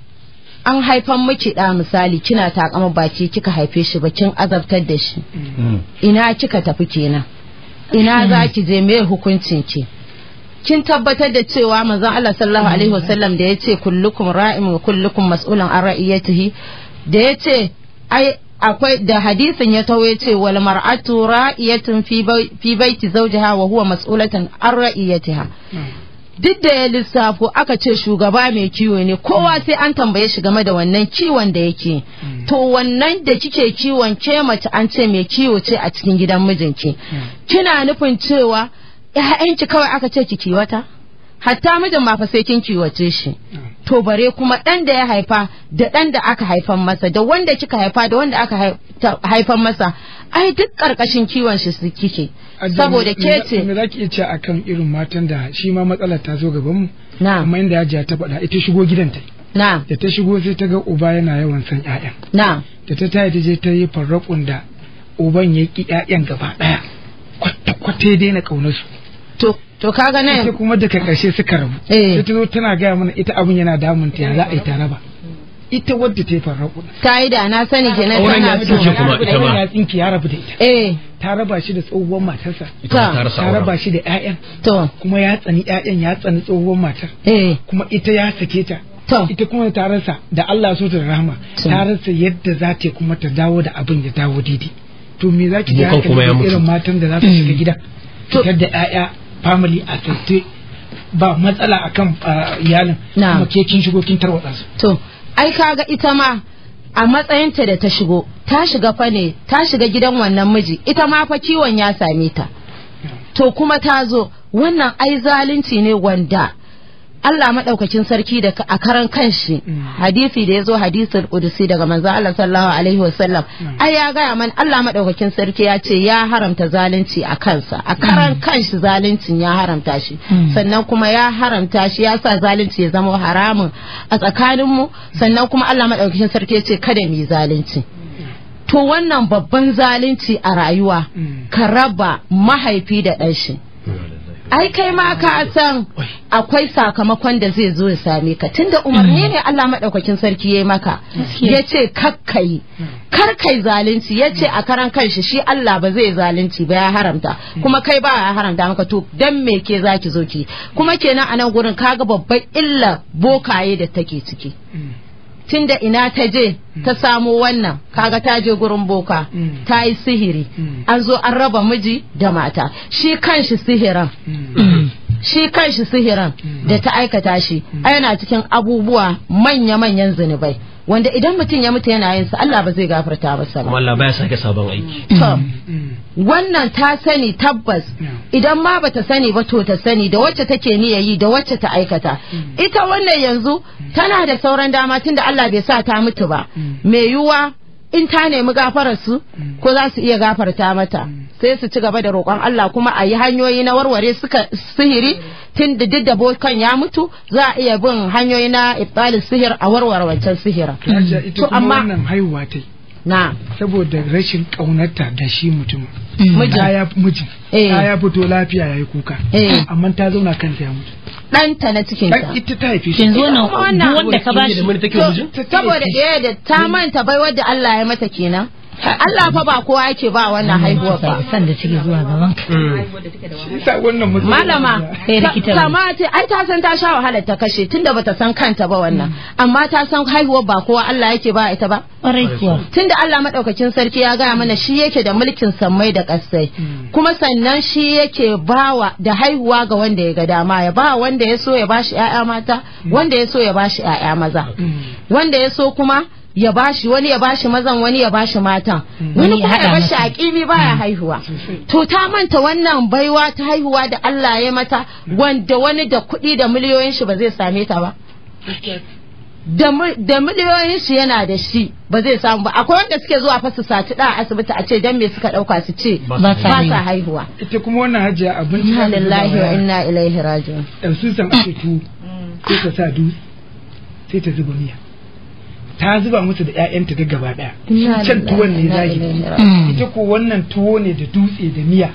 H: an haifan miki da misali kina takama baki kika haife shi ba kin azabtar da shi ina kika tafi kenan ina za ki je mai hukuncin ki kin tabbatar da cewa manzon Allah sallallahu alaihi wasallam da yace kullukum ra'im wa kullukum mas'ulun an ra'iyatihi da yace ai akwai da hadisin ya tawo yace wal mar'atu ra'iyatun fi baiti zawjiha wa huwa mas'ulatan an ra'iyatiha duk da ya lissafo aka ce shugaba mai kiwo ne kowa mm. sai an tambaye shi game da wannan kiwon da yake mm. to wannan da kike kiwon ke mace an ce mai kiwo ce a cikin gidan mijinki mm. kina nufin cewa ƴaƴanki kawai aka ce ki kiwata hatta mijin ma fa sai kin kiwace shi to bare kuma ɗan da ya haifa da ɗan da aka haifan masa da wanda kika haifa da wanda aka haifan masa ai duk karkashin kiwon shi su kike
D: saboda ke ce me zaki iya ce akan irin matan da shi ma matsalar ta zo gaban mu amma inda hajiya ta faɗa ita shigo gidanta da ta shigo sai ta ga uba yana yawan san ƴaƴan da ta tayi ta je ta yi farraƙun da uban ya ki ƴaƴan gaba ɗaya kwata-kwata ya daina ƙaunar su to to kaga ne kuma daga karshe suka rabu eh. sai zo tana gaya mana ita abin yana damunta ya za a yi ta raba ita wadda ta yi fara kuɗa ta yi da na sani nan tana so kuma ita ma ya tsinki ya rabu da ita eh ta raba shi da tsohuwar matarsa ta raba shi da ƴaƴan to kuma ya tsani ƴaƴan ya tsani tsohuwar matar eh. kuma ita ya sake ta ita kuma ta rasa da Allah so ta rahama ta rasa yadda za ta kuma ta dawo da abin ya dawo daidai to me za ki da irin matan da za su shiga mm. gida fitar da ƴaƴa family a ba matsala akan iyalin kuma ke kin shigo kin tarwatsa
E: su
H: to ai kaga ita ma a matsayinta da ta shigo ta shiga fa ne ta shiga gidan wannan miji ita ma fa kiwon ya same ta to kuma ta zo wannan ai zalunci ne wanda Allah maɗaukakin sarki da a karan kanshi mm. hadisi da ya zo hadisin qudusi daga manzan Allah sallallahu alaihi wasallam mm. ai ya gaya man Allah maɗaukakin sarki ya ce ya haramta zalunci a kansa a karan mm. kanshi zaluncin ya haramta shi sannan kuma ya haramta shi ya sa zalunci ya zama haramun a tsakaninmu sannan kuma Allah maɗaukakin sarki ya ce kada mu yi zalunci to wannan babban zalunci a rayuwa ka raba mahaifi da ɗanshi ai kai ma ka san akwai sakamakon da zai zo ya same ka tunda umarni mm. ne Allah madaukakin sarki yayi maka yace kakkai kar kai mm. zalunci yace a karan kanshi shi Allah ba zai zalunci ba ya haramta mm. kuma kai ba ya haramta maka to dan me ke zaki zo ki kuma kenan a nan gurin kaga babbar illa bokaye da take ciki tun da ina ta je mm. ta samo wannan kaga ta je gurin boka mm. ta yi sihiri mm. an zo an raba miji da mata shi kanshi sihiran shi kan shi sihirin da ta aikata shi a yana cikin abubuwa manya-manyan zunubai wanda idan mutum ya mutu yana yinsa Allah ba zai gafarta masa
C: ba Allah baya sake sabon aiki
H: to wannan ta sani tabbas idan ma bata sani ba to ta sani da wacce take niyya yi da wacce ta aikata ita wannan yanzu tana da sauran dama tunda Allah bai sa ta mutu ba mai yiwuwa in ta nemi gafararsu mm. ko za su iya gafarta mata mm. sai su ci gaba da roƙon Allah kuma a yi hanyoyi na warware suka sihiri tun da duk da bokan ya mutu za a iya bin hanyoyi na ibtalin sihir a warware wancan sihira. To amma wannan
D: haihuwa ta na saboda rashin ƙaunarta da shi mutum mijin eh. ya fito lafiya ya yi kuka eh. amma ta zauna kanta ya mutu
H: ɗanta na cikin ta. Ita
D: ta haife shi. Yanzu ta wanda ka bashi.
H: Saboda eh, da ta manta bai wadda Allah ya mata kenan. Allah fa ba kowa yake ba wannan haihuwa
B: ba. San da take zuwa gaban ka. Mm. Sa wannan mutum. Malama kama
H: ce ai ta san ta sha wahala ta kashe tunda bata san kanta ba wannan mm. amma ta san haihuwa ba kowa Allah yake ba ita ba. Tunda Allah madaukakin sarki ya gaya mana shi yake da mulkin sammai da kasai mm. kuma sannan shi yake bawa da haihuwa ga wanda ya ga dama ya ba wanda ya so ya bashi ƴaƴa mata wanda ya so ya bashi ƴaƴa maza wanda ya so kuma ya bashi wani ya bashi mazan wani ya bashi matan mm. wani kuma ya bashi a kimi baya mm. haihuwa to ta manta wannan baiwa ta haihuwa da Allah ya mata wanda wani da kuɗi da miliyoyin shi ba zai same ta ba da miliyoyin shi yana da shi ba zai samu ba akwai wanda suke zuwa fa su saci da asibiti a ce dan me suka dauka su ce ba sa haihuwa
D: ita kuma wannan hajiya abin ta lillahi wa inna ilaihi raji'un dan sun san ake tu sai ta sa dutse sai ta zuba miya ta zuba musu da ƴaƴanta duk gaba ɗaya shi can tuwon ne zahiri ita ko wannan tuwo ne da dutse da miya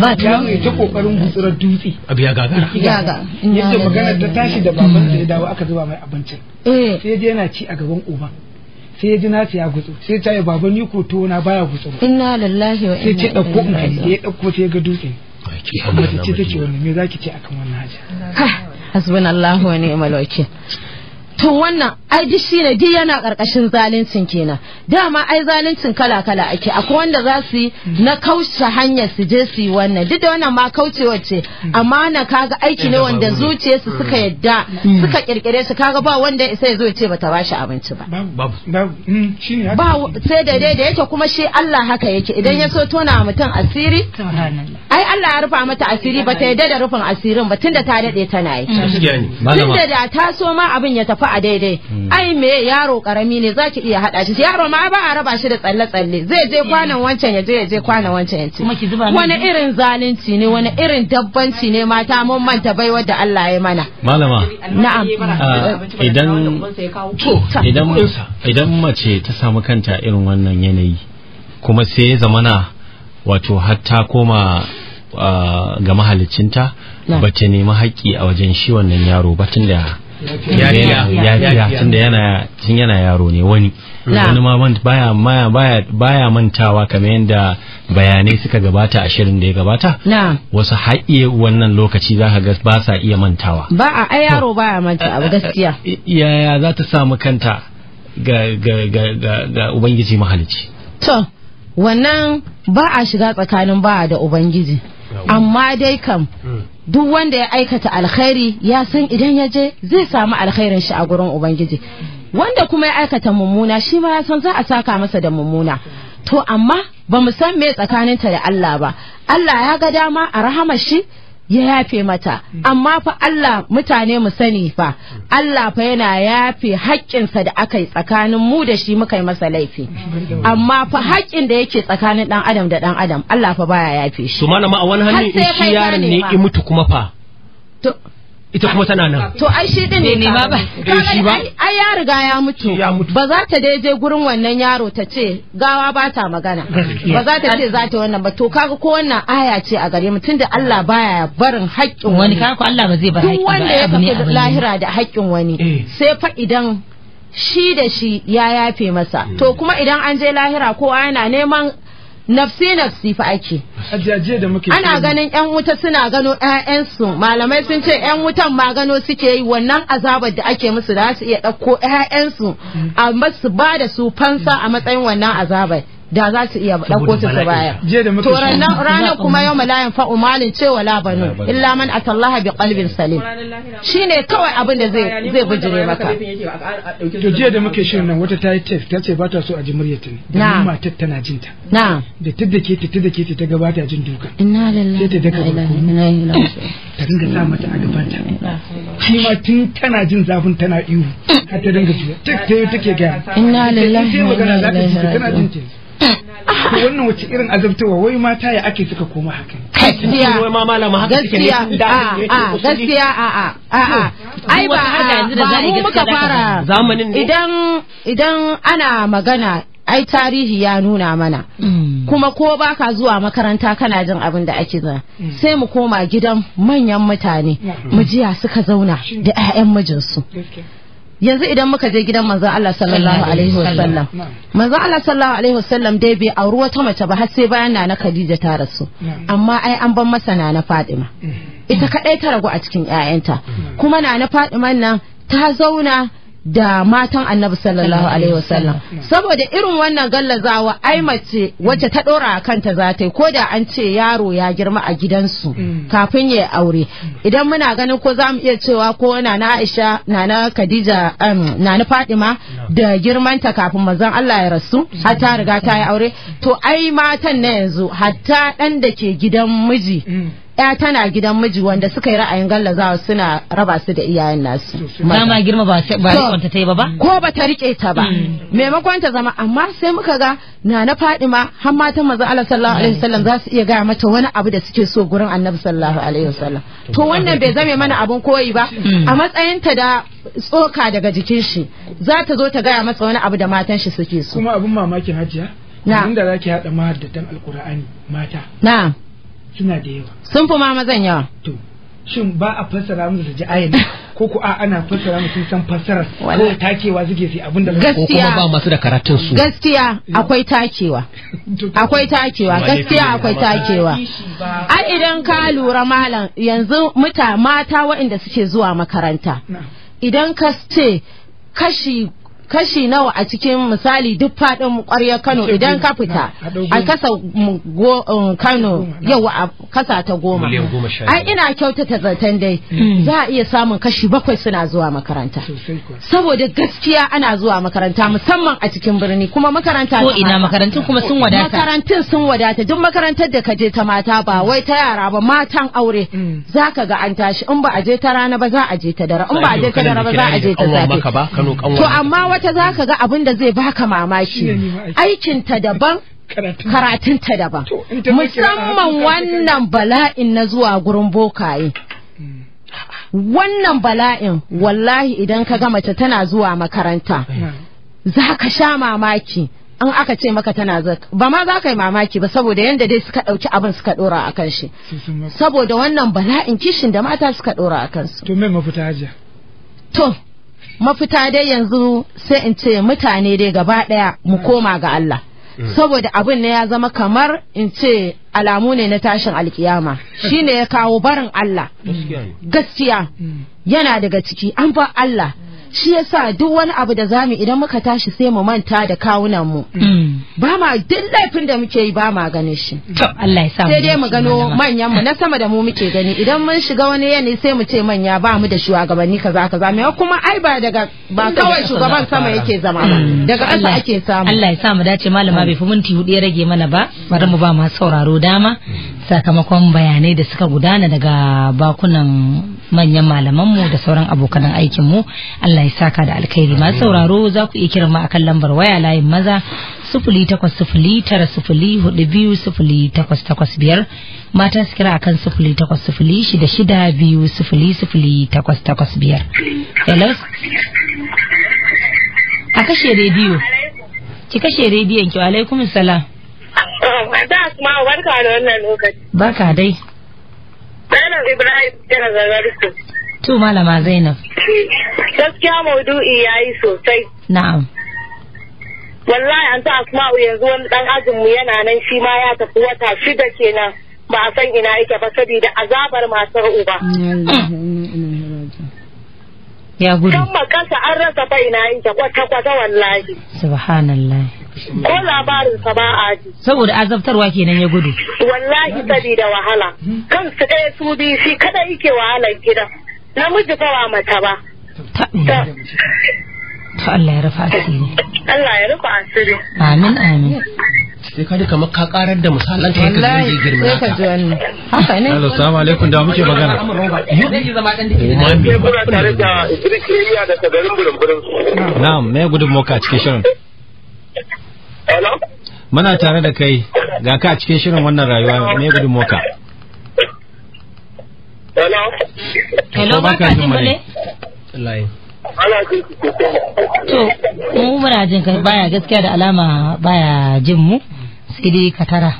D: ba ta yi ta kokarin gutsurar dutse
C: a biya gagara yadda magana ta tashi da baban da
D: ya dawo aka zuba mai abincin eh. sai je yana ci a gaban uban sai ya ji nasu ya gutsu sai ta yi baban ni ko tuwo na baya gutsu
H: inna lillahi wa inna ilaihi sai ce dauko in kai sai ya
D: dauko sai ya ga dutse mace ce take wannan
H: me zaki ce akan wannan haja hasbunallahu wa ni'mal wakil to wannan ai duk shine duk yana karkashin zaluncin kenan dama ai zaluncin kala kala ake akwai wanda za su yi na kauce hanya su je su yi wannan duk da wannan ma kaucewa ce amma na kaga aiki ne wanda zuciyarsu suka yadda suka kirkire su kaga ba wanda isa ya zo ba ta bashi abinci ba
A: hmm,
H: ba sai da dai da yake kuma shi Allah haka yake idan ya so tona mutum asiri ai Allah ya rufa mata asiri ba ta yadda da rufin asirin ba tunda ta dade tana yi tunda da ta so ma abin ya tafi ba a daidai hmm. ai me yaro karami ne zaki iya haɗa shi yaro ma ba a raba shi da tsalle tsalle zai je eh. kwanan wancan ya je ya je kwanan wancan ya ci wani irin zalunci ne wani irin dabbanci ne mata mun manta bai wadda Allah ya mana malama na'am ah,
C: idan idan idan mace ta samu kanta irin wannan yanayi kuma sai ya zamana wato har ta koma ah, ga mahalicinta ba ta nemi haƙƙi a wajen shi wannan yaro ba tun da
A: yafiya tunda yana
C: tun yana yaro ne wani wani ma baya baya baya mantawa kamar yadda bayanai suka gabata a shirin da ya gabata wasu haƙiye wannan lokaci za ka ga ba sa iya mantawa
H: ba a yaro baya mantawa gaskiya
C: yaya za ta samu kanta ga ga ubangiji mahalicci
H: to wannan ba a shiga tsakanin ba da ubangiji amma dai kam hmm. duk wanda ya aikata alkhairi ya san idan ya je zai samu alkhairin shi a gurin ubangiji wanda kuma ya aikata mummuna shi ma ya san za a saka masa da mummuna to amma ba mu san me tsakaninta da Allah ba Allah ya ga dama a rahama shi ya yafe mata amma fa Allah mutane mu sani fa Allah fa yana yafe haƙƙinsa da aka yi tsakanin mu da shi muka yi masa laifi amma fa haƙƙin da yake tsakanin ɗan adam da ɗan adam Allah fa baya yafe
C: shi to malama a wani hannu shi yaron ne ya mutu kuma fa ita kuma tana nan to
H: ai shi din eh, ne ma ba eh, shi ba ai ya riga ya mutu ba za ta dai je gurin wannan yaro ta ce gawa ba ta magana ba za ta ce za ta wannan ba to kaga ko wannan aya ce a gare mu tunda Allah baya barin
B: haƙƙin wani kaga ko Allah ba zai bar haƙƙi ba duk wanda ya kafa lahira
H: da haƙƙin wani eh. sai fa idan shi da shi ya yafe masa to kuma idan an je lahira kowa yana neman nafsi nafsi fa ake
D: ajiyaje da muke ana ganin
H: yan wuta suna gano su malamai sun ce yan wutan ma gano suke yi wannan azabar da ake musu da su iya dauko ɗauko su amma su ba da su fansa a matsayin wannan azabar da za su iya
F: ɗauko su su bayar. To ranar kuma yau malayan
H: fa umalin ce wala banu illa
F: man
D: atallaha bi qalbin salim.
H: Shine kawai abin da zai zai bijire maka.
F: To jiya da muke
D: shirin nan wata ta yi test ta ce ba ta so a ji muryarta ne. Da matar tana jin ta. Na. Da tidda ke ta tidda ke ta ga ba ta jin duka.
F: Inna lillahi. Sai ta daka ta
D: dinga sa mata a gabanta. Shi ma tun tana jin zafin tana ihu har ta dinga ta yi take gaya. Inna lillahi. Sai magana za ta ji tana jin ta. wannan wace irin azabtawa wai mata ya ake suka koma haka gaskiya wai ma malama haka a gaskiya
H: a a a a ai ba muka fara zamanin idan idan ana magana ai tarihi ya nuna mana hmm. kuma ko baka zuwa makaranta kana jin abin da ake zana hmm. sai mu koma gidan manyan mutane hmm. mu jiya suka zauna da 'ya'yan mijinsu yanzu idan muka je gidan manzon Allah sallallahu alaihi wasallam Allah sallallahu alaihi wasallam dai bai auri wata mace ba har sai bayan na Khadija ta rasu amma ai an ban masa na Fatima mm. ita kadai ta ragu a cikin 'ya'yanta mm. kuma na Fatima nan ta zauna da matan annabi sallallahu alaihi wasallam saboda irin wannan gallazawa ai mace wacce ta dora a kanta za ta yi ko da an ce yaro ya girma a gidansu mm. kafin ya aure idan muna ganin ko za mu iya cewa ko na Aisha na na Khadija um, na Fatima da girmanta kafin mazan Allah ya rasu mm. har ta riga ta yi aure to ai matan na yanzu hatta dan da ke gidan miji mm. ya tana gidan miji wanda suka yi ra'ayin gallazawa suna raba su da iyayen nasu dama
B: girma ba ba rikonta ta yi ba ba
H: ko ba ta rike ta ba mm. maimakon ta zama amma sai muka ga na na Fadima har matan maza Allah sallallahu alaihi wasallam za su iya gaya mata wani abu da suke so gurin Annabi sallallahu alaihi wasallam to wannan bai zame mana abun koyi ba mm. a matsayin ta da tsoka daga jikin shi za ta zo ta gaya masa wani abu da matan shi suke so kuma abun mamakin hajiya na inda zaki hada
D: mahaddatan alqur'ani mata na'am suna da yawa sun fi ma mazan yawa to shin ba a fassara musu su ji ayin ko ko a ana fassara musu san fassara ko takewa suke sai abin da ko kuma ba
F: masu da karatun su
D: gaskiya eh. akwai takewa
H: akwai takewa gaskiya akwai takewa ai idan ka lura malam yanzu muta mata waɗanda suke zuwa makaranta idan ka ce kashi kashi nawa a cikin misali duk faɗin ƙwaryar Kano idan ka fita a kasa um, Kano yau a kasa ta goma. Ai ina kyautata zaton dai mm. za a iya samun kashi bakwai suna zuwa makaranta. Saboda gaskiya ana zuwa makaranta musamman a cikin birni kuma makaranta ko ina makarantun kuma sun wadata. Makarantun sun wadata duk makarantar da ka je ta mata ba wai ta yara ba matan aure mm. za ka ga an tashi in ba a je ta rana ba za a je ta dare in ba a je ta dare ba za a je ta zafi To amma wata za ka ga abin da zai baka mamaki aikin ta daban karatun ta daban musamman wannan bala'in na zuwa gurin bokaye hmm. wannan bala'in wallahi idan ka ga mace tana zuwa makaranta hmm. za ka sha mamaki an aka ce maka tana zaka ba ma za ka yi mamaki ba saboda yanda dai suka ɗauki abin suka ɗora a kan shi saboda wannan bala'in kishin da mata suka ɗora a kansu to me mafita to mafita dai yanzu sai in ce mutane dai gaba daya mu mm. koma ga Allah mm. saboda abin ne ya zama kamar in ce alamu ne na tashin alkiyama shine ya kawo barin Allah gaskiya mm. yana daga ciki an ba Allah shi yasa duk wani abu da zamu idan muka tashi sai mu manta da kawunan mu mm. Mm. ba ma duk laifin da muke yi ba ma ganin shi
B: to Allah ya sa sai dai mu gano manyan
H: mu na sama da mu muke gani idan mun shiga wani yanayi sai mu ce manya ba mu da shugabanni kaza kaza me kuma ai ba daga ba kawai shugaban sama yake zama ba mm. daga Allah
B: ake samu Allah ya sa mu dace malama bai fi minti hudu ya rage mana ba bari mu ba masu sauraro dama sakamakon bayanai da suka gudana daga bakunan manyan malaman da sauran abokan aikinmu. Allah Allah ya saka da alkhairi masu sauraro za ku iya kiran mu akan lambar waya layin maza sifili takwas sifili tara sifili hudu biyu sifili takwas takwas biyar mata su kira akan sifili takwas sifili shida shida biyu sifili sifili takwas takwas biyar. Hello? A kashe rediyo. Ki kashe rediyon ki alaikum salam.
F: Da kuma barka da wannan lokaci. Barka dai. Zainab Ibrahim
H: tana zagarku.
B: To malama Zainab.
H: Gaskiya maudu'i ya yi sosai. Na'am. Wallahi an ta kuma yanzu wani dan mu yana nan shi ma ya tafi wata shida kenan ba a san ina yake ba saboda azabar masar uba.
B: Ya gudu. Kan makansa an rasa fa ina yake kwata-kwata wallahi. Subhanallah. ko labarinsa ba a ji. Saboda azabtarwa kenan ya gudu. Wallahi sabida wahala. su ɗaya su biyu shi kada
H: yake wahalar gidan. namiji ba mata ba
A: to Allah ya rufa asiri Allah ya rufa asiri amin amin sai ka duka maka karar da
C: misalan ta yanka zai girma sai ka ji
A: wannan haka ne Allah alaikum da muke magana
C: na'am me gudun moka cikin shirin hello muna tare da kai ga ka cikin shirin wannan rayuwa me gudun moka
A: Hello. Hello baka jin mu ne?
B: To, mu muna jin ka baya gaskiya da alama baya jin mu. Sai dai ka tara.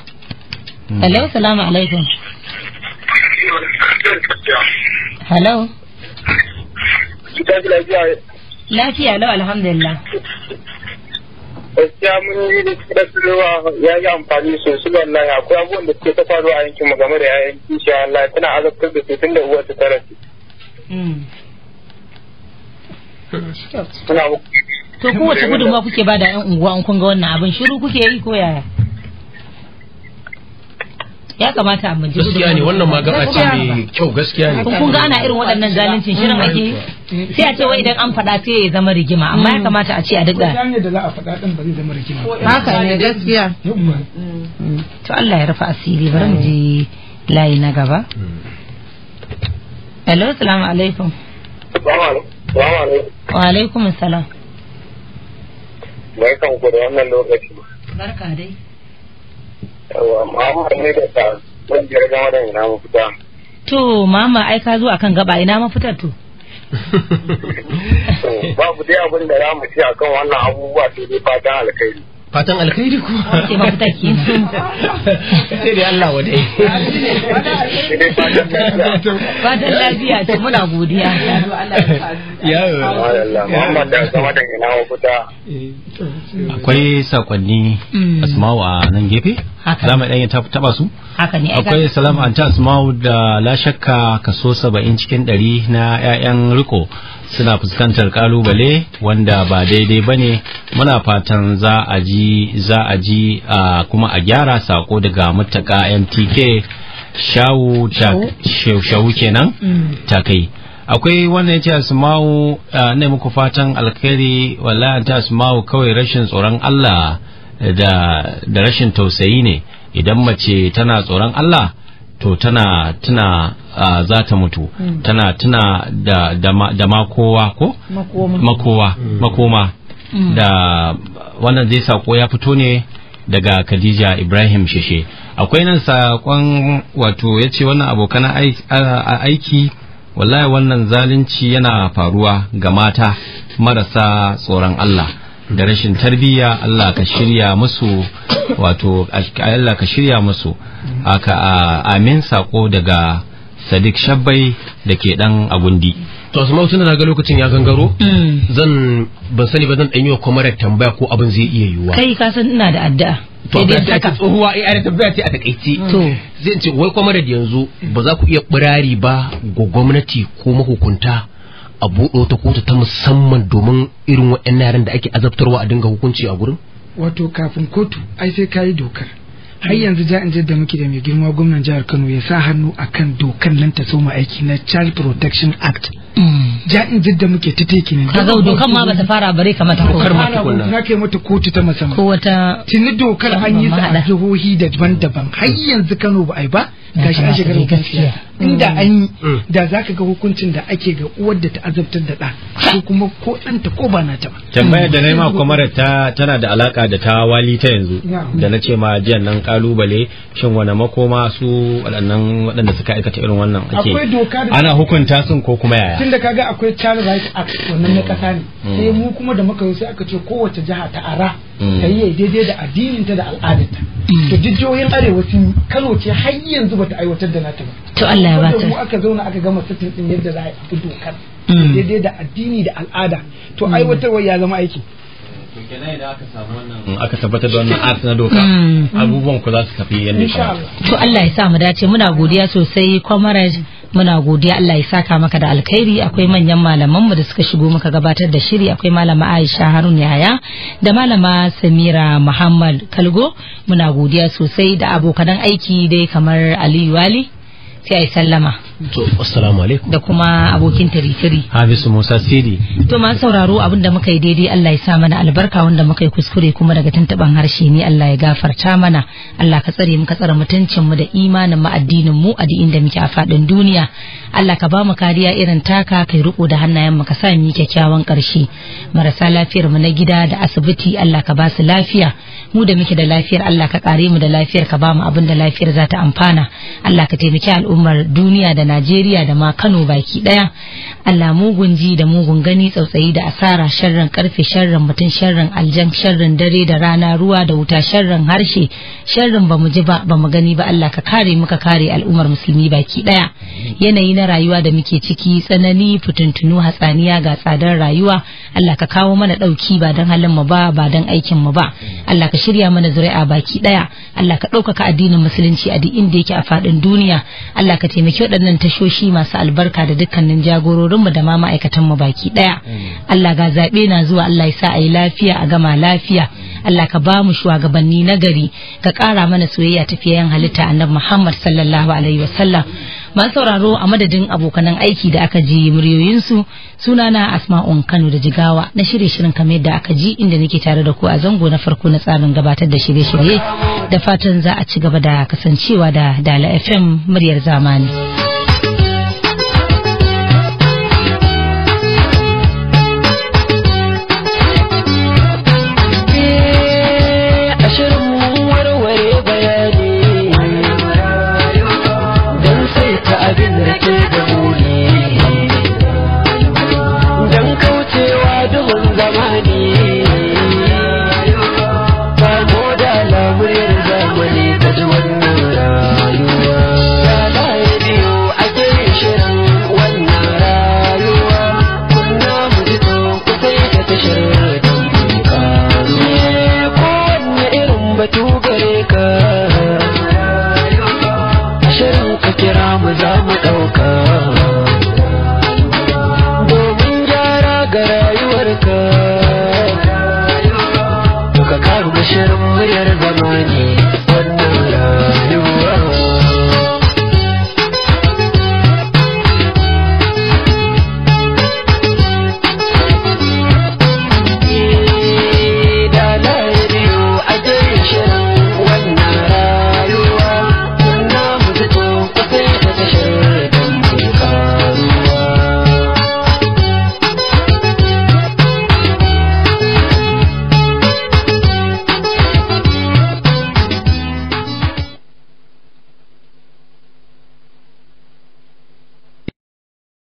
B: Hmm. Hello, salamu alaikum. Hello. Lafiya lau
E: alhamdulillah.
A: gaskiya mun yi da suka ruwa ya yi amfani sosai wallahi akwai abubuwan da suke ta faruwa a yankin magama game da yayan kishi wallahi tana azabtar da su tun da uwar ta tara su.
E: Hmm.
B: To kowace gudunmawa kuke ba da yan unguwa in kun ga wannan abin shiru kuke yi ko yaya? ya kamata a mun gaskiya ne wannan ma gaba ce mai
G: kyau gaskiya ne
B: kun ga ana irin waɗannan zaluncin shirin ake sai a ce wai idan an faɗa sai ya zama rigima amma ya kamata a ce a duka
D: ne da za a faɗa din ba zai zama rigima haka ne gaskiya to
B: Allah ya rufa asiri bari mu ji layi na gaba hello assalamu alaikum wa alaikum assalam
A: barkan ku da wannan lokaci barka dai mama
B: to mama ai ka zo akan gaba ina mafitar to
A: babu dai abin da za mu ce akan wannan abubuwa sai dai fatan alkhairi
C: fatan alkhairi ko ce ba fita ke sai dai Allah wa dai
A: fatan lafiya ce muna godiya ya Muhammad da sama da ina wa fita
C: akwai sakonni mm. asma'u a nan gefe za mu ɗanyen taba su
B: akwai salamu
C: anta asma'u da la shakka kaso saba'in cikin ɗari na 'ya'yan riko suna fuskantar kalubale wanda ba daidai ba ne muna fatan za a ji za a ji kuma a gyara sako daga mutaka mtk shawu shawu kenan mm. kai. akwai wannan ya ce asma'u ne muku fatan alkhairi wallahi ta asma'u kawai rashin tsoron Allah da da rashin tausayi ne idan mace tana tsoron Allah to tana tana za ta mutu hmm. tana tuna da da makowa ko makowa hmm. makoma hmm. da wannan zai sako ya fito ne daga Khadija Ibrahim Sheshe akwai nan sakon wato ya ce wannan abokan aiki wallahi wannan zalunci yana faruwa ga mata marasa tsoron Allah da rashin tarbiyya Allah ka shirya musu wato Allah ka shirya musu aka amin sako daga sadiq shabbai da ke dan agundi to su tun ga lokacin ya gangaro mm. zan ban sani ba zan dan yi wa kwamarar tambaya ko abin zai iya yiwuwa kai
B: ka san ina da addu'a to da ta tsohuwa
C: eh, ai ana tambaya ce a takaice mm. to zai ce wai kwamarar yanzu ba za ku iya birari ba ga gwamnati ko mahukunta a buɗe wata kotu ta musamman domin irin waɗannan yaran da ake azabtarwa a dinga hukunci a gurin
D: wato kafin kotu ai sai ka yi dokar har yanzu ja'in jadda muke da mai girma gwamnan jihar Kano ya sa hannu akan dokan nan ta soma aiki na Child Protection Act. Ja'in jadda muke ta teki ne. Ka zau dokan ma bata
B: fara bare kamar ta kotu. Ana Kuna
D: na kai mata kotu ta musamman. Ko wata. Tuni dokar an yi sa a jihohi daban-daban har yanzu Kano ba ai ba. gashi an shekarar gaskiya inda mm. an yi mm. da zaka ga hukuncin da ake ga uwar da ta azabtar da ɗa ko kuma ko ɗanta ko ba nata ba tambayar mm. da na yi ma
C: ta tana da alaka da ta wali ta yanzu da na ce ma jiyan nan kalubale shin wani makoma su waɗannan waɗanda suka aikata irin wannan ake ana hukunta sun ko kuma yaya tunda
D: ga akwai child rights act wannan na ƙasa ne sai mu kuma da muka yi sai aka ce kowace jiha ta ara Mm. tayyai daidai da addininta da ta. Mm. to jijiyoyin arewa sun kano ce har yanzu bata aiwatar da nata ba to Allah ya ba mu aka zauna aka gama satin din yadda za a mm. yi dokar daidai da addini da al'ada to aiwatarwa ya zama aiki
C: aka tabbatar da wannan art na doka abubuwan ku za su tafi yadda ya
B: to Allah ya sa mu dace muna godiya sosai comrade muna godiya Allah ya saka maka da alkhairi akwai manyan malaman mu da suka shigo muka gabatar da shiri akwai malama Aisha Harun Yaya da malama Samira Muhammad Kalgo muna godiya sosai da abokan aiki dai kamar Aliyu Wali sai ai sallama
C: to assalamu alaikum
B: da kuma abokin tari.
C: hafizu musa sidi
B: to ma sauraro abin da muka yi daidai Allah ya sa mana albarka wanda muka yi kuskure kuma daga tantaban harshe ne Allah ya gafarta mana Allah ka tsare muka ka tsare mutuncin mu da imanin mu addinin mu a inda muke a faɗin duniya Allah ka ba mu kariya irin taka kai riko da hannayen mu ka sa mu yi kyakkyawan karshe marasa lafiyar mu na gida da asibiti Allah ka ba su lafiya mu da muke da lafiyar Allah ka kare mu da lafiyar ka bamu abin da lafiyar za ta amfana Allah ka taimaki al'ummar duniya da Najeriya da ma Kano baki daya Allah mugun ji da mugun gani tsautsayi da asara sharrin karfe sharrin mutum sharrin aljan sharrin dare da rana ruwa da wuta sharrin harshe sharrin bamu ji ba bamu gani ba Allah ka kare muka kare al'ummar musulmi baki daya yanayi na rayuwa da muke ciki tsanani fitintunu hatsaniya ga tsadar rayuwa Allah ka kawo mana dauki ba don halin mu ba ba don aikin mu ba Allah ka shirya mana zuri'a baki daya Allah ka ɗaukaka addinin musulunci a duk inda yake a faɗin duniya Allah ka taimaki waɗannan tashoshi masu albarka da dukkanin mu da ma ma'aikatan mu baki daya Allah ga zaɓe na zuwa Allah ya sa a yi lafiya a gama lafiya Allah ka ba mu shugabanni nagari ka ƙara mana soyayya tafiyayen halitta annabi Muhammad sallallahu alaihi wasallam masu sauraro a madadin abokanan aiki da aka ji muryoyinsu sunana asma'un kano da jigawa na shirye shirin kamar da aka ji inda nake tare da ku a zango na farko na tsarin gabatar da shirye-shirye da fatan za a ci gaba da kasancewa da dala fm muryar zamani.